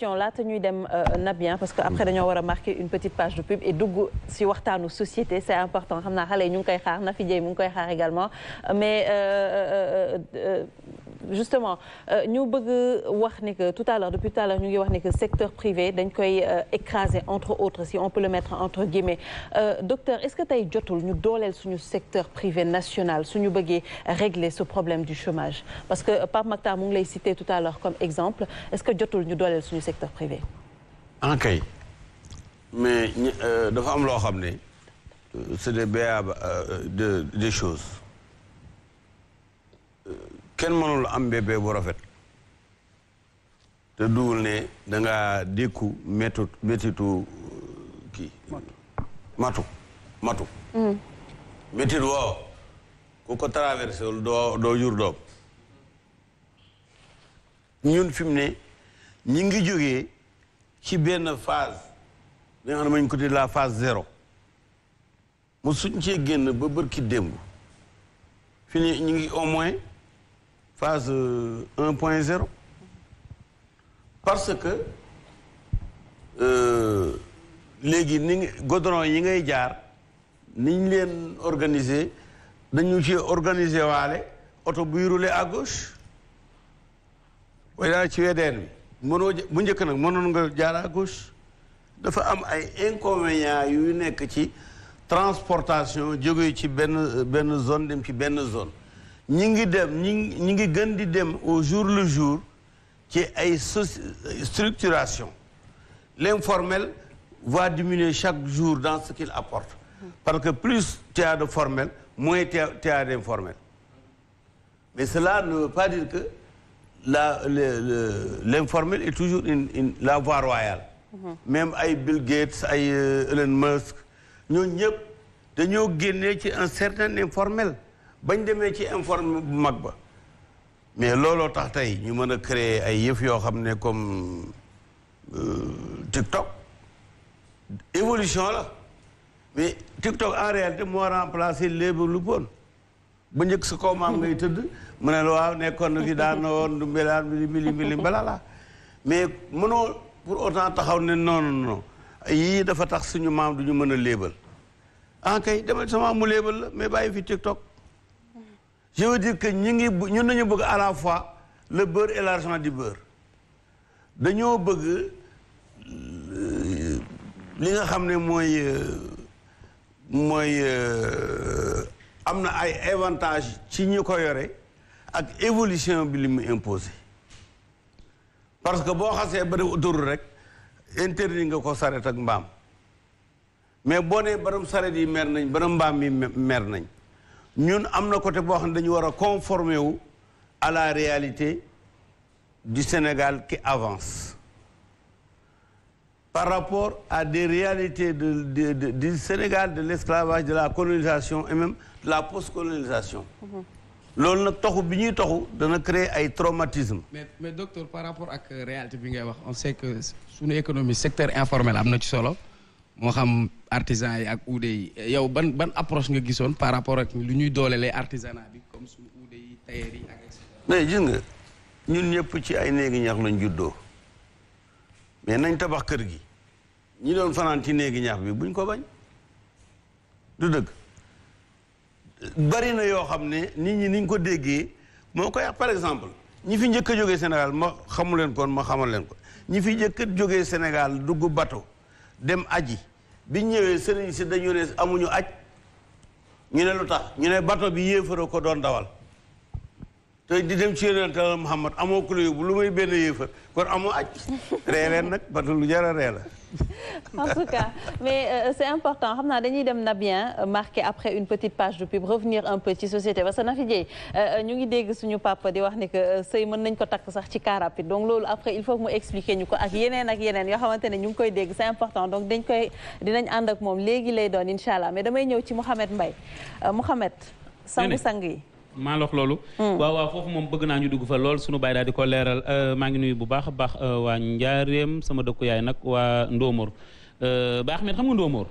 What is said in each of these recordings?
question laata ñuy dem euh, Nabien parce que après dañoo war a marquer une petite page de pub et dugg si waxtaanu société c'est important xam naa xale yi ñu ngi koy xaar na fi jëy mu ngi koy xaar également mais. Euh, euh, justement euh, ñu bëgg wax ni que tout à l'heure depuis tout à l'heure ñu ngi wax ni que secteur privé dañ koy euh, écraser entre autres si on peut le mettre entre guillemets euh, docteur est-ce que tey jotul ñu dolel suñu secteur privé national suñu bëggee régler ce problème du chômage parce que Pape Mactar mu ngi lay citer tout à l'heure comme exemple est-ce que jotul ñu dooleel suñu secteur privé ankay mais dafa am loo xam ne c'est des béaba de choses kenn mënul am bébé bu rafet te duwul ne da ngaa dékku méttu méttitu euh, kii matu matu mm. woo ku ko traversé wul doo jur doom ñun fi ne ñi ngi jógee ci benn phase bi xam ne mañ ko di la phase zéro mu suñ cee génn ba bërki démb fi ne ñu ngi au moins phase 1 euh, point 0 parce que euh, léegi ni goudron yi ngay jaar niñ leen organiser dañu ci organiser waale oto buy rouler à gauche ci wedeer bi mënoo bu njëkk nag mënoon nga jaar à dafa am ay inconvénients yu nekk ci transportation jóge ci benn benn zone dem ci benn zone ñi ngi dem ñi ñi ngi gën di dem au jour le jour ci ay structuration l'informel va diminuer chaque jour dans ce qu'il apporte parce que plus tu de formel moins tu as d'informel mais cela ne veut pas dire que la l'informel est toujours une, la voie royale mm même ay Bill Gates ay euh, Elon Musk ñooñ ñëpp dañoo génnee ci un certain informel bañ demee ci informe bu mag ba mais looloo tax tey ñu mën a créer ay yëf yoo xam ne comme euh, TikTok évolution la mais TikTok en réalité moo remplacé léebu lu bon ba njëkk sa kaw maam ngay tëdd mu ne la waaw nekkoon na fi daan na woon du mbelaan mili mili mili mais mënoo pour autant taxaw ne non non yii dafa tax suñu maam du ñu mën a léebal ah kay demal sama mu léebal la mais bàyyi fi TikTok je veux ñu ngi ñun nañu bëgg à la fois le beurre et l'argent du beurre dañoo bëgg euh, li nga xam ne mooy euh, mooy euh, am na ay avantages ci ñu ko yore ak évolution bi li mu imposé parce que boo xasee ba def autoroute rek interdit nga ko saret ak mbaam mais boo nee borom saret yi mer nañ borom mbaam yi mer nañ ñun am na côté boo xam ne dañu war a conformer wu à la réalité du Sénégal ki avance par rapport à des réalités de, de, de, du Sénégal de l'esclavage de la colonisation et même de la post-colonisation mm-hmm. loolu nag toxu bi ñuy toxu dana créer ay traumatisme mais mais docteur par rapport ak réalité bi ngay wax on sait que suñu économie secteur informel am na ci solo moo xam artisan yi ak uude yi yow ban ban approche nga gisoon par rapport ak lu ñuy doolelee artisanat bi comme suñu uude yi tailleur yi ak nga ñun ñëpp ci ay néegi ñax lañ juddoo mais nañ tabax kër gi ñi doon fanaan ci néegi ñax bi buñ ko bañ du dëgg bari na yoo xam ne nit ñi niñ ko déggee moo koy par exemple ñi fi njëkk a jógee Sénégal ma xamu leen kon ma xamal leen ko ñi fi njëkk a jógee Sénégal dugg bato dem aji biñ ñëwee sëriñ si dañu ne amuñu aj ñu ne lu tax ñu ne bato bi yéefara ko doon dawal te di dem ci yonent Yàlla Muhammad amoo ku la yóbbu lu may benn yéefar kon a mais euh, euh c'est xam naa dañuy dem na bien euh, marqué après une petite page de pub revenir euh, ñu ngi dégg suñu papa di ni que mën nañ ko takk sax ci car rapide donc loolu après il faut mu expliquer ñu ko ak yeneen ak yeneen yoo xamante ne ñu ngi koy dégg c'est important donc dañ koy dinañ ànd ak moom léegi lay doon incha allah mais damay ñëw ci Mouhamed Mbaye Mouhamed sangu-sang yi maa lox loolu hmm. waaw waaw foofu moom bëgg naa ñu dugg fa lool suñu bàyyi daal di ko leeral euh, maa ngi nuyu bu baax a baax euh, waa njaareem sama dëkku yaay nag waa Ndóomóor euh, baax Ahmed xam nga Ndóomóor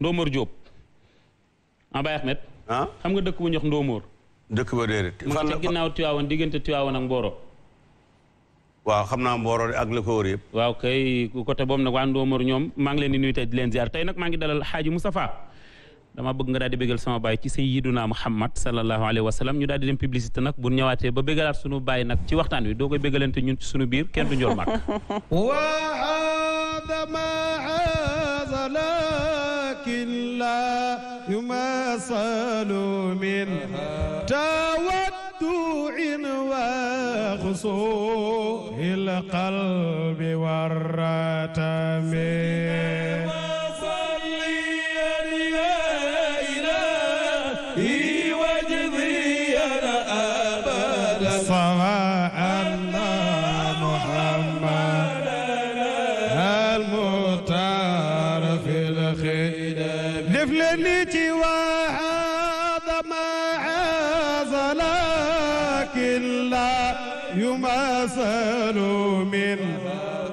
Ndóomóor Diop ah Baye Ahmed ah? xam nga dëkk bu ñox Ndóomóor dëkk ba déedéet mu ngi ci ginnaaw Tiwaawan diggante Tiwaawan ak waaw xam naa Mboro ak la ko wër yëpp waaw kay côté boobu nag waa Ndóomóor ñoom maa leen di nuyu te di leen ziar tey nag maa ngi dalal Xaaji Moustapha dama bëgg nga daal di bégal sama baay ci sayyiduna Muhammad sallallahu alayhi wa ñu daal dem publicité nag bu ñëwaatee ba bégalaat sunu baay ci waxtaan wi doo koy bégalante ñun ci sunu biir kenn du njool màkk يماصل من تودع وخصوه القلب والرتم لك وهذا ما حاز لكن لا يماثل من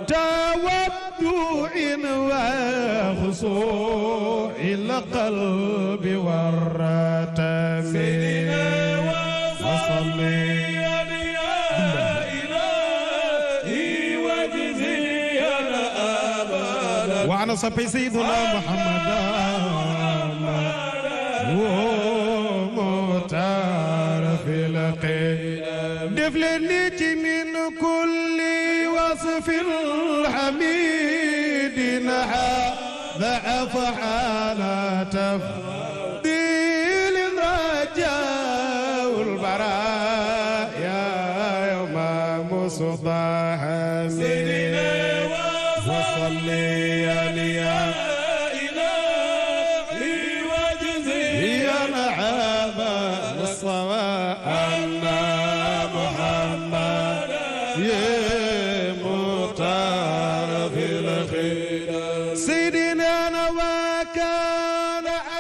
تودع وخصوع القلب والرتم سيدنا وصلي وعلى صبي سيدنا محمد def leen lii ci min kulli wasfin hamidin hada afala taf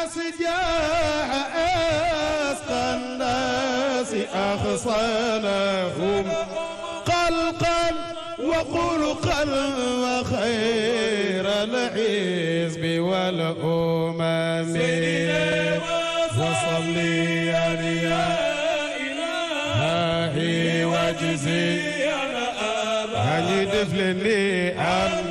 جاء أسقى الناس أحصنهم خلقا وخلقا وخير الحزب والأمم وصلي يا إلهي واجزي عن دفلني عن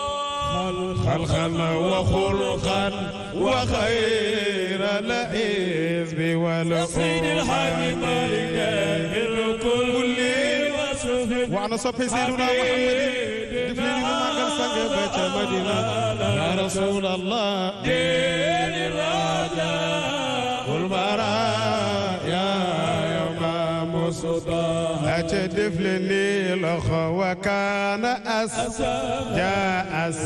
خلقا وخلقا وخير الحزب والأمة الحاج مالك الكل وعلى صفحة سيدنا محمد دفنين مع قلسك بيت مدينة يا رسول الله أت دفلني الأخ وكان أس جاء أس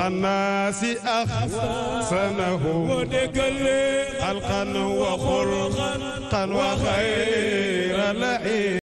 قناس أخ سنه خلقا وخلقا وخير لعين